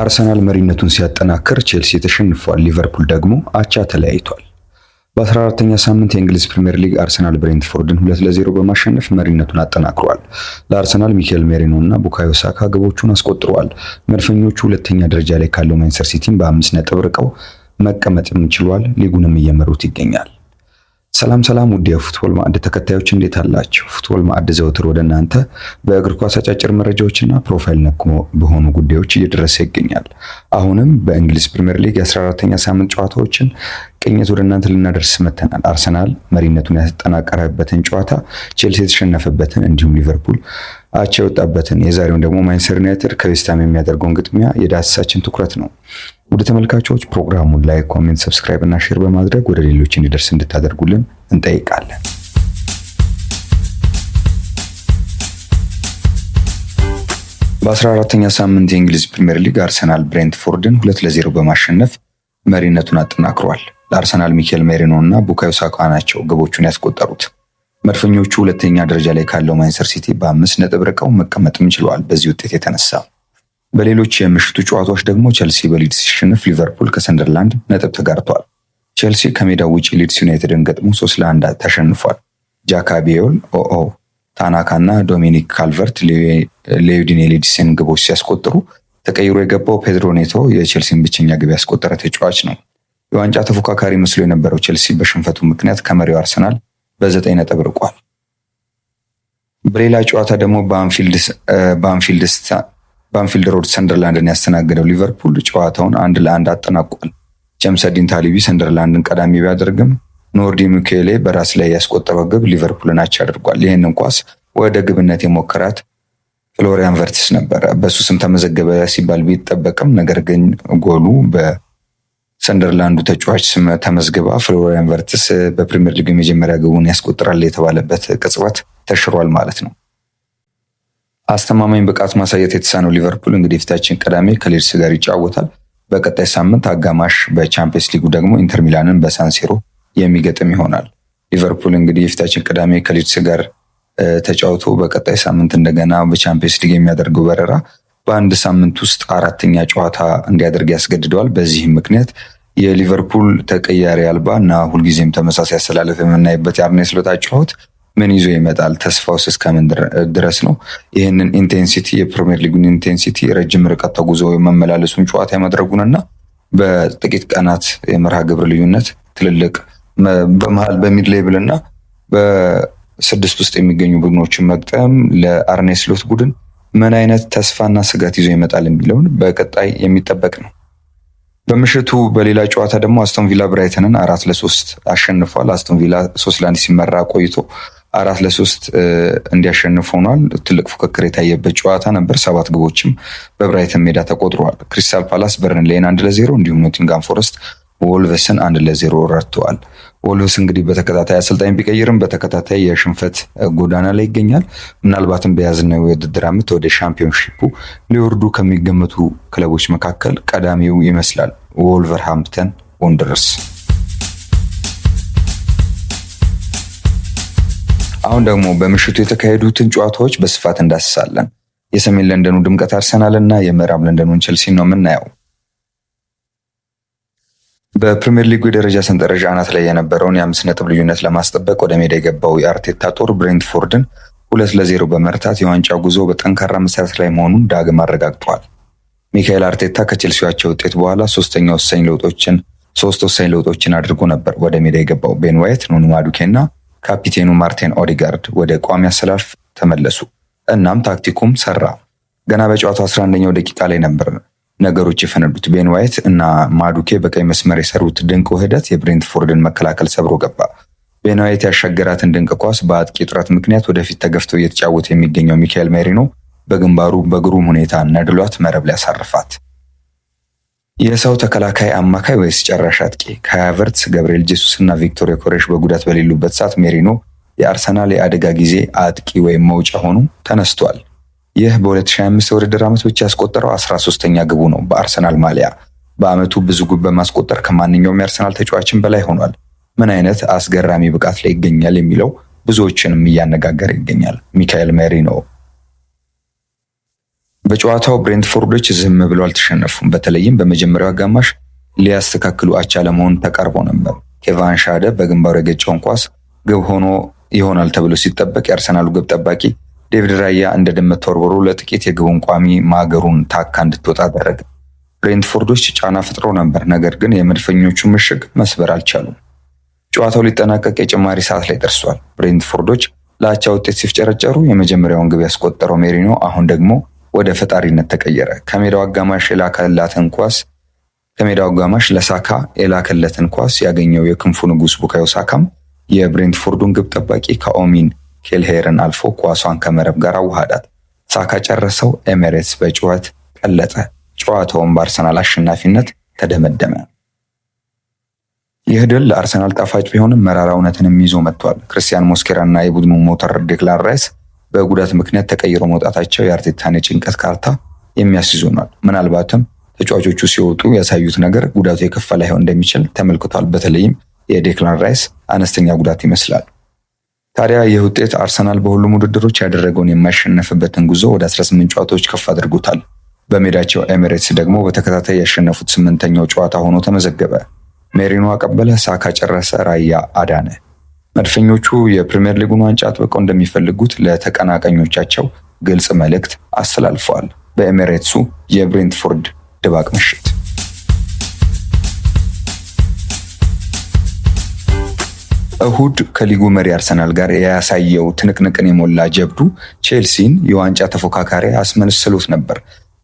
አርሰናል መሪነቱን ሲያጠናክር ቼልሲ ተሸንፏል። ሊቨርፑል ደግሞ አቻ ተለያይቷል። በ14ተኛ ሳምንት የእንግሊዝ ፕሪምየር ሊግ አርሰናል ብሬንትፎርድን ሁለት ለዜሮ በማሸነፍ መሪነቱን አጠናክሯል። ለአርሰናል ሚካኤል ሜሪኖ እና ቡካዮ ሳካ ግቦቹን አስቆጥረዋል። መድፈኞቹ ሁለተኛ ደረጃ ላይ ካለው ማንቸስተር ሲቲን በአምስት ነጥብ ርቀው መቀመጥም ችሏል። ሊጉንም እየመሩት ይገኛል። ሰላም ሰላም ውድ የፉትቦል ማዕድ ተከታዮች እንዴት አላችሁ? ፉትቦል ማዕድ ዘውትር ወደ እናንተ በእግር ኳስ አጫጭር መረጃዎችና ፕሮፋይል ነክ በሆኑ ጉዳዮች እየደረሰ ይገኛል። አሁንም በእንግሊዝ ፕሪምየር ሊግ የ 14 ተኛ ሳምንት ጨዋታዎችን ቅኝት ወደ እናንተ ልናደርስ መተናል። አርሰናል መሪነቱን ያጠናቀረበትን ጨዋታ፣ ቼልሲ የተሸነፈበትን እንዲሁም ሊቨርፑል አቻ የወጣበትን የዛሬውን ደግሞ ማንችስተር ዩናይትድ ከዌስትሃም የሚያደርገውን ግጥሚያ የዳሰሳችን ትኩረት ነው። ወደ ተመልካቾች ፕሮግራሙን ላይ ኮሜንት፣ ሰብስክራይብ እና ሼር በማድረግ ወደ ሌሎች እንዲደርስ እንድታደርጉልን እንጠይቃለን። 14 ኛ ሳምንት የእንግሊዝ ፕሪምየር ሊግ አርሰናል ብሬንትፎርድን ሁለት ለዜሮ በማሸነፍ መሪነቱን አጠናክሯል። ለአርሰናል ሚካኤል ሜሪኖ እና ቡካዮ ሳካ ናቸው ግቦቹን ያስቆጠሩት። መድፈኞቹ ሁለተኛ ደረጃ ላይ ካለው ማንችስተር ሲቲ በአምስት ነጥብ ርቀው መቀመጥም ችለዋል። በዚህ ውጤት የተነሳ በሌሎች የምሽቱ ጨዋታዎች ደግሞ ቸልሲ በሊድስ ሲሸንፍ፣ ሊቨርፑል ከሰንደርላንድ ነጥብ ተጋርቷል። ቸልሲ ከሜዳው ውጭ ሊድስ ዩናይትድን ገጥሞ ሶስት ለአንድ ተሸንፏል። ጃካ ቢዮል፣ ኦኦ ታናካ እና ዶሚኒክ ካልቨርት ሌዩዲን የሊድስን ግቦች ሲያስቆጥሩ ተቀይሮ የገባው ፔድሮ ኔቶ የቸልሲን ብቸኛ ግብ ያስቆጠረ ተጫዋች ነው። የዋንጫ ተፎካካሪ መስሎ የነበረው ቸልሲ በሽንፈቱ ምክንያት ከመሪው አርሰናል በዘጠኝ ነጥብ ርቋል። በሌላ ጨዋታ ደግሞ በአንፊልድ ሮድ ሰንደርላንድን ያስተናገደው ሊቨርፑል ጨዋታውን አንድ ለአንድ አጠናቋል። ጀምሰዲን ታሊቢ ሰንደርላንድን ቀዳሚ ቢያደርግም ኖርዲ ሚኬሌ በራስ ላይ ያስቆጠረው ግብ ሊቨርፑልን አቻ አድርጓል። ይህንን ኳስ ወደ ግብነት የሞከራት ፍሎሪያን ቨርትስ ነበረ። በሱ ስም ተመዘገበ ሲባል ቢጠበቅም ነገር ግን ጎሉ ሰንደርላንዱ ተጫዋች ስም ተመዝግባ ፍሎሪያን ቨርትስ በፕሪምየር ሊግ የመጀመሪያ ግቡን ያስቆጥራል የተባለበት ቅጽበት ተሽሯል ማለት ነው። አስተማማኝ ብቃት ማሳየት የተሳነው ሊቨርፑል እንግዲህ የፊታችን ቅዳሜ ከሌድስ ጋር ይጫወታል። በቀጣይ ሳምንት አጋማሽ በቻምፒየንስ ሊጉ ደግሞ ኢንተር ሚላንን በሳንሲሮ የሚገጥም ይሆናል። ሊቨርፑል እንግዲህ የፊታችን ቅዳሜ ከሌድስ ጋር ተጫውቶ በቀጣይ ሳምንት እንደገና በቻምፒየንስ ሊግ የሚያደርገው በረራ በአንድ ሳምንት ውስጥ አራተኛ ጨዋታ እንዲያደርግ ያስገድደዋል። በዚህም ምክንያት የሊቨርፑል ተቀያሪ አልባ እና ሁልጊዜም ተመሳሳይ አሰላለፍ የምናይበት የአርነ ስሎት ጨዋት ምን ይዞ ይመጣል? ተስፋውስ እስከምን ድረስ ነው? ይህንን ኢንቴንሲቲ የፕሪሚየር ሊጉን ኢንቴንሲቲ ረጅም ርቀት ተጉዞ የመመላለሱን ጨዋታ የማድረጉንና በጥቂት ቀናት የመርሃ ግብር ልዩነት ትልልቅ በመሀል በሚድ ሌብል እና በስድስት ውስጥ የሚገኙ ቡድኖችን መግጠም ለአርኔ ስሎት ቡድን ምን አይነት ተስፋና ስጋት ይዞ ይመጣል የሚለውን በቀጣይ የሚጠበቅ ነው። በምሽቱ በሌላ ጨዋታ ደግሞ አስቶን ቪላ ብራይተንን አራት ለሶስት አሸንፏል። አስቶን ቪላ ሶስት ለአንድ ሲመራ ቆይቶ አራት ለሶስት እንዲያሸንፍ ሆኗል። ትልቅ ፉክክር የታየበት ጨዋታ ነበር። ሰባት ግቦችም በብራይተን ሜዳ ተቆጥረዋል። ክሪስታል ፓላስ በርንሌይን አንድ ለዜሮ እንዲሁም ኖቲንጋም ፎረስት ወልቨስን አንድ ለዜሮ ረትተዋል። ወልቭስ እንግዲህ በተከታታይ አሰልጣኝ ቢቀይርም በተከታታይ የሽንፈት ጎዳና ላይ ይገኛል። ምናልባትም በያዝነው የውድድር ዓመት ወደ ሻምፒዮንሺፑ ሊወርዱ ከሚገመቱ ክለቦች መካከል ቀዳሚው ይመስላል ወልቨርሃምፕተን ወንደርስ። አሁን ደግሞ በምሽቱ የተካሄዱትን ጨዋታዎች በስፋት እንዳስሳለን። የሰሜን ለንደኑ ድምቀት አርሰናል እና የምዕራብ ለንደኑን ቼልሲ ነው የምናየው። በፕሪምየር ሊጉ የደረጃ ሰንጠረዥ አናት ላይ የነበረውን የአምስት ነጥብ ልዩነት ለማስጠበቅ ወደ ሜዳ የገባው የአርቴታ ጦር ብሬንትፎርድን ሁለት ለዜሮ በመርታት የዋንጫ ጉዞ በጠንካራ መሰረት ላይ መሆኑን ዳግም አረጋግጧል። ሚካኤል አርቴታ ከቼልሲዋቸው ውጤት በኋላ ሶስተኛ ወሳኝ ለውጦችን ሶስት ወሳኝ ለውጦችን አድርጎ ነበር ወደ ሜዳ የገባው። ቤን ዋይት፣ ኑኑ ማዱኬ እና ካፒቴኑ ማርቲን ኦዲጋርድ ወደ ቋሚ አሰላለፍ ተመለሱ። እናም ታክቲኩም ሰራ። ገና በጨዋታው 11ኛው ደቂቃ ላይ ነበር ነገሮች የፈነዱት ቤን ዋይት እና ማዱኬ በቀይ መስመር የሰሩት ድንቅ ውህደት የብሬንትፎርድን መከላከል ሰብሮ ገባ። ቤን ዋይት ያሻገራትን ድንቅ ኳስ በአጥቂ ጥረት ምክንያት ወደፊት ተገፍተው እየተጫወተ የሚገኘው ሚካኤል ሜሪኖ በግንባሩ በግሩም ሁኔታ ነድሏት መረብ ላይ ያሳርፋት። የሰው ተከላካይ አማካይ ወይስ ጨራሽ አጥቂ? ካይ ገብርኤል ጄሱስ እና ቪክቶር ኮሬሽ በጉዳት በሌሉበት ሰዓት ሜሪኖ የአርሰናል የአደጋ ጊዜ አጥቂ ወይም መውጫ ሆኖ ተነስቷል። ይህ በ2025 የውድድር ዓመት ብቻ ያስቆጠረው 13ኛ ግቡ ነው በአርሰናል ማሊያ። በዓመቱ ብዙ ግብ በማስቆጠር ከማንኛውም የአርሰናል ተጫዋችን በላይ ሆኗል። ምን አይነት አስገራሚ ብቃት ላይ ይገኛል የሚለው ብዙዎችንም እያነጋገረ ይገኛል። ሚካኤል ነው። በጨዋታው ብሬንትፎርዶች ዝም ብለው አልተሸነፉም። በተለይም በመጀመሪያው አጋማሽ ሊያስተካክሉ አቻ ለመሆን ተቃርቦ ነበር። ኬቫን ሻደ በግንባሩ የገጨውን ኳስ ግብ ሆኖ ይሆናል ተብሎ ሲጠበቅ የአርሰናሉ ግብ ጠባቂ ዴቪድ ራያ እንደ ድመት ተወርውሮ ለጥቂት የግቡን ቋሚ ማገሩን ታካ እንድትወጣ አደረገ። ብሬንትፎርዶች ጫና ፈጥሮ ነበር፣ ነገር ግን የመድፈኞቹ ምሽግ መስበር አልቻሉም። ጨዋታው ሊጠናቀቅ የጭማሪ ሰዓት ላይ ደርሷል። ብሬንትፎርዶች ለአቻ ውጤት ሲፍጨረጨሩ የመጀመሪያውን ግብ ያስቆጠረው ሜሪኖ አሁን ደግሞ ወደ ፈጣሪነት ተቀየረ። ከሜዳው አጋማሽ የላከላትን ኳስ ከሜዳው አጋማሽ ለሳካ የላከለትን ኳስ ያገኘው የክንፉ ንጉስ ቡካዮ ሳካም የብሬንትፎርዱን ግብ ጠባቂ ካኦሚን ኬልሄርን አልፎ ኳሷን ከመረብ ጋር አዋሃዳት። ሳካ ጨረሰው። ኤሜሬትስ በጩኸት ቀለጠ። ጨዋታውን በአርሰናል አሸናፊነት ተደመደመ። ይህ ድል ለአርሰናል ጣፋጭ ቢሆንም መራራ እውነትንም ይዞ መጥቷል። ክርስቲያን ሞስኬራ እና የቡድኑ ሞተር ዴክላን ራይስ በጉዳት ምክንያት ተቀይሮ መውጣታቸው የአርቴታን የጭንቀት ካርታ የሚያስይዝ ነው ምናልባትም ተጫዋቾቹ ሲወጡ ያሳዩት ነገር ጉዳቱ የከፋ ላይሆን እንደሚችል ተመልክቷል። በተለይም የዴክላን ራይስ አነስተኛ ጉዳት ይመስላል። ታዲያ ይህ ውጤት አርሰናል በሁሉም ውድድሮች ያደረገውን የማይሸነፍበትን ጉዞ ወደ 18 ጨዋታዎች ከፍ አድርጎታል። በሜዳቸው ኤሚሬትስ ደግሞ በተከታታይ ያሸነፉት ስምንተኛው ጨዋታ ሆኖ ተመዘገበ። ሜሪኖ አቀበለ፣ ሳካ ጨረሰ፣ ራያ አዳነ። መድፈኞቹ የፕሪምየር ሊጉን ዋንጫ አጥብቀው እንደሚፈልጉት ለተቀናቃኞቻቸው ግልጽ መልእክት አስተላልፈዋል። በኤሚሬትሱ የብሬንትፎርድ ድባቅ ምሽት እሁድ ከሊጉ መሪ አርሰናል ጋር ያሳየው ትንቅንቅን የሞላ ጀብዱ ቼልሲን የዋንጫ ተፎካካሪ አስመስሎት ነበር።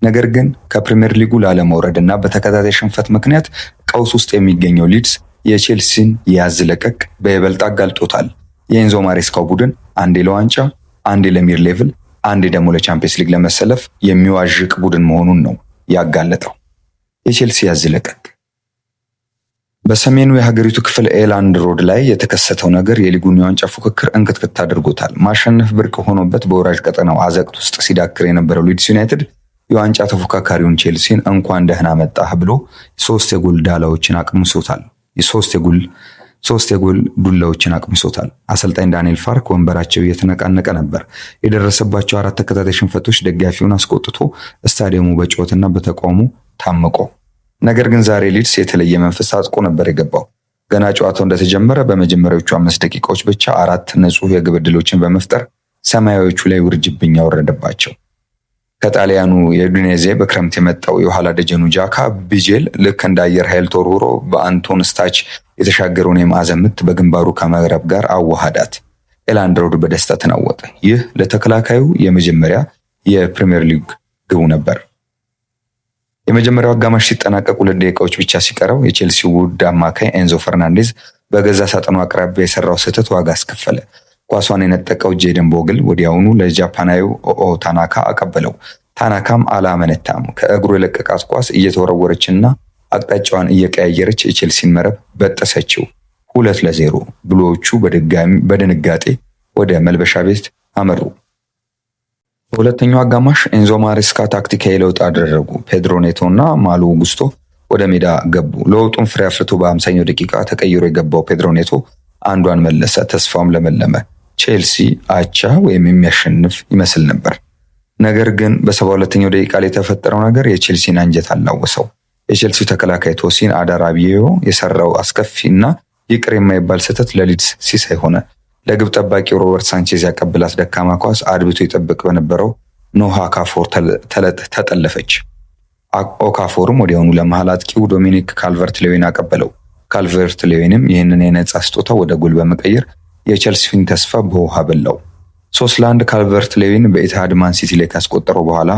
ነገር ግን ከፕሪምየር ሊጉ ላለመውረድ እና በተከታታይ ሽንፈት ምክንያት ቀውስ ውስጥ የሚገኘው ሊድስ የቼልሲን የያዝ ለቀቅ በይበልጥ አጋልጦታል። የኤንዞ ማሬስካው ቡድን አንዴ ለዋንጫ አንዴ ለሚር ሌቭል አንዴ ደግሞ ለቻምፒየንስ ሊግ ለመሰለፍ የሚዋዥቅ ቡድን መሆኑን ነው ያጋለጠው። የቼልሲ ያዝ ለቀቅ በሰሜኑ የሀገሪቱ ክፍል ኤላንድ ሮድ ላይ የተከሰተው ነገር የሊጉን የዋንጫ ፉክክር እንክትክት አድርጎታል። ማሸነፍ ብርቅ ሆኖበት በወራጅ ቀጠናው አዘቅት ውስጥ ሲዳክር የነበረው ሊድስ ዩናይትድ የዋንጫ ተፎካካሪውን ቼልሲን እንኳን ደህና መጣህ ብሎ ሶስት የጎል ዳላዎችን አቅምሶታል። ሶስት የጎል ዱላዎችን አቅምሶታል። አሰልጣኝ ዳንኤል ፋርክ ወንበራቸው እየተነቃነቀ ነበር። የደረሰባቸው አራት ተከታታይ ሽንፈቶች ደጋፊውን አስቆጥቶ ስታዲየሙ በጩኸትና በተቃውሞ ታምቆ ነገር ግን ዛሬ ሊድስ የተለየ መንፈስ አጥቆ ነበር የገባው። ገና ጨዋታው እንደተጀመረ በመጀመሪያዎቹ አምስት ደቂቃዎች ብቻ አራት ንጹህ የግብ ዕድሎችን በመፍጠር ሰማያዊዎቹ ላይ ውርጅብኝ ያወረደባቸው። ከጣሊያኑ የዱኔዜ በክረምት የመጣው የኋላ ደጀኑ ጃካ ቢጄል ልክ እንደ አየር ኃይል ተወርውሮ በአንቶን ስታች የተሻገረውን የማዕዘን ምት በግንባሩ ከመረብ ጋር አዋሃዳት። ኤላንድሮድ በደስታ ተናወጠ። ይህ ለተከላካዩ የመጀመሪያ የፕሪምየር ሊግ ግቡ ነበር። የመጀመሪያው አጋማሽ ሲጠናቀቅ ሁለት ደቂቃዎች ብቻ ሲቀረው የቼልሲ ውድ አማካይ ኤንዞ ፈርናንዴዝ በገዛ ሳጥኑ አቅራቢያ የሰራው ስህተት ዋጋ አስከፈለ። ኳሷን የነጠቀው ጄደን ቦግል ወዲያውኑ ለጃፓናዊ ኦኦ ታናካ አቀበለው። ታናካም አላመነታም። ከእግሩ የለቀቃት ኳስ እየተወረወረችና አቅጣጫዋን እየቀያየረች የቼልሲን መረብ በጠሰችው። ሁለት ለዜሮ ብሎዎቹ በድንጋጤ ወደ መልበሻ ቤት አመሩ። በሁለተኛው አጋማሽ ኤንዞ ማሬስካ ታክቲካዊ ለውጥ አደረጉ። ፔድሮ ኔቶ እና ማሉ ጉስቶ ወደ ሜዳ ገቡ። ለውጡን ፍሬ አፍርቶ በአምሳኛው ደቂቃ ተቀይሮ የገባው ፔድሮ ኔቶ አንዷን መለሰ፣ ተስፋውም ለመለመ። ቼልሲ አቻ ወይም የሚያሸንፍ ይመስል ነበር። ነገር ግን በሰባ ሁለተኛው ደቂቃ ላይ የተፈጠረው ነገር የቼልሲን አንጀት አላወሰው። የቼልሲው ተከላካይ ቶሲን አዳራቢዮ የሰራው አስከፊ እና ይቅር የማይባል ስህተት ለሊድስ ሲሳይ ሆነ። ለግብ ጠባቂው ሮበርት ሳንቼዝ ያቀብላት ደካማ ኳስ አድብቶ ይጠብቅ በነበረው ኖሃ ካፎር ተጠለፈች። ኦካፎርም ወዲያውኑ ለመሃል አጥቂው ዶሚኒክ ካልቨርት ሌዊን አቀበለው። ካልቨርት ሌዊንም ይህንን የነጻ ስጦታ ወደ ጎል በመቀየር የቼልሲን ተስፋ በውሃ በላው። ሶስት ለአንድ ካልቨርት ሌዊን በኢትሃድ ማን ሲቲ ላይ ካስቆጠረው በኋላ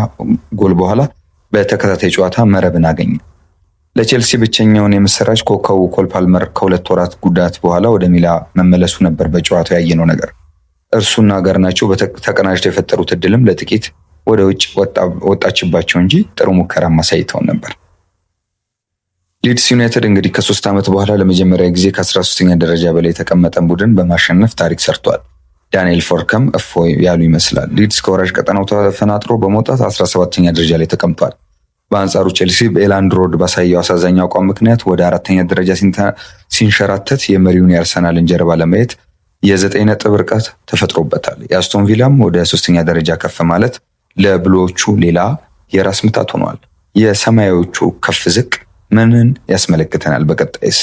ጎል በኋላ በተከታታይ ጨዋታ መረብን አገኘ። ለቼልሲ ብቸኛውን የምስራች ኮከቡ ኮል ፓልመር ከሁለት ወራት ጉዳት በኋላ ወደ ሚላ መመለሱ ነበር። በጨዋታው ያየነው ነገር እርሱና ናቸው ተቀናጅተው የፈጠሩት እድልም ለጥቂት ወደ ውጭ ወጣችባቸው እንጂ ጥሩ ሙከራ ማሳይተውን ነበር። ሊድስ ዩናይትድ እንግዲህ ከሶስት ዓመት በኋላ ለመጀመሪያ ጊዜ ከ13ኛ ደረጃ በላይ የተቀመጠን ቡድን በማሸነፍ ታሪክ ሰርቷል። ዳንኤል ፎርከም እፎ ያሉ ይመስላል። ሊድስ ከወራጅ ቀጠናው ተፈናጥሮ በመውጣት 17ኛ ደረጃ ላይ ተቀምጧል። በአንጻሩ ቼልሲ በኤላንድ ሮድ ባሳየው አሳዛኝ አቋም ምክንያት ወደ አራተኛ ደረጃ ሲንሸራተት የመሪውን የአርሰናልን ጀርባ ለማየት የዘጠኝ ነጥብ ርቀት ተፈጥሮበታል። የአስቶን ቪላም ወደ ሶስተኛ ደረጃ ከፍ ማለት ለብሎዎቹ ሌላ የራስ ምታት ሆኗል። የሰማያዎቹ ከፍ ዝቅ ምንን ያስመለክተናል? በቀጣይስ?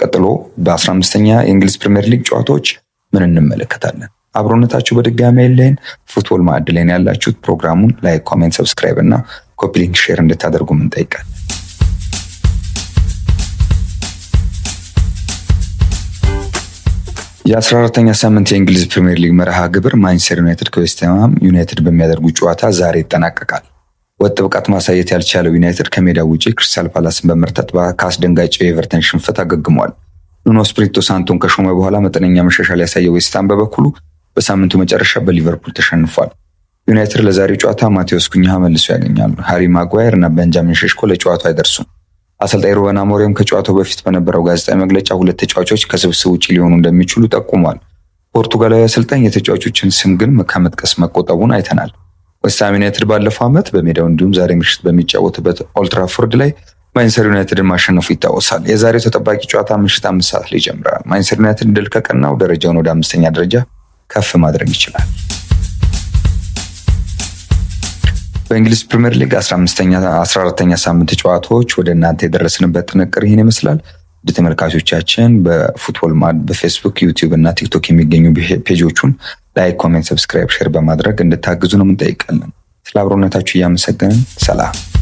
ቀጥሎ በ15ኛ የእንግሊዝ ፕሪምየር ሊግ ጨዋታዎች ምን እንመለከታለን? አብሮነታችሁ በድጋሚ የለይን ፉትቦል ማዕድ ላይን ያላችሁት ፕሮግራሙን ላይክ፣ ኮሜንት፣ ሰብስክራይብ እና ኮፒ ሊንክ፣ ሼር እንድታደርጉ እንጠይቃለን። የአስራ አራተኛ ሳምንት የእንግሊዝ ፕሪምየር ሊግ መርሃ ግብር ማንቸስተር ዩናይትድ ከዌስትሃም ዩናይትድ በሚያደርጉ ጨዋታ ዛሬ ይጠናቀቃል። ወጥ ብቃት ማሳየት ያልቻለው ዩናይትድ ከሜዳ ውጪ ክሪስታል ፓላስን በመርታት ከአስደንጋጭ የኤቨርተን ሽንፈት አገግሟል። ኑኖ ስፕሪቶ ሳንቶን ከሾመ በኋላ መጠነኛ መሻሻል ያሳየው ዌስትሃም በበኩሉ በሳምንቱ መጨረሻ በሊቨርፑል ተሸንፏል። ዩናይትድ ለዛሬው ጨዋታ ማቴዎስ ኩኝሃ መልሶ ያገኛሉ። ሃሪ ማጓየር እና ቤንጃሚን ሸሽኮ ለጨዋታው አይደርሱም። አሰልጣኝ ሩበን አሞሪም ከጨዋታው በፊት በነበረው ጋዜጣዊ መግለጫ ሁለት ተጫዋቾች ከስብስብ ውጭ ሊሆኑ እንደሚችሉ ጠቁሟል። ፖርቱጋላዊ አሰልጣኝ የተጫዋቾችን ስም ግን ከመጥቀስ መቆጠቡን አይተናል። ወስታም ዩናይትድ ባለፈው ዓመት በሜዳው እንዲሁም ዛሬ ምሽት በሚጫወትበት ኦልትራፎርድ ላይ ማንቸስተር ዩናይትድን ማሸነፉ ይታወሳል። የዛሬው ተጠባቂ ጨዋታ ምሽት አምስት ሰዓት ላይ ይጀምራል። ማንቸስተር ዩናይትድ ድል ከቀናው ደረጃውን ወደ አምስተኛ ደረጃ ከፍ ማድረግ ይችላል። በእንግሊዝ ፕሪምየር ሊግ 14 ተኛ ሳምንት ጨዋታዎች ወደ እናንተ የደረስንበት ጥንቅር ይህን ይመስላል። ውድ ተመልካቾቻችን በፉትቦል ማድ በፌስቡክ ዩቲዩብ እና ቲክቶክ የሚገኙ ፔጆቹን ላይክ፣ ኮሜንት፣ ሰብስክራይብ፣ ሼር በማድረግ እንድታግዙ ነው እንጠይቃለን። ስለ አብሮነታችሁ እያመሰገንን ሰላም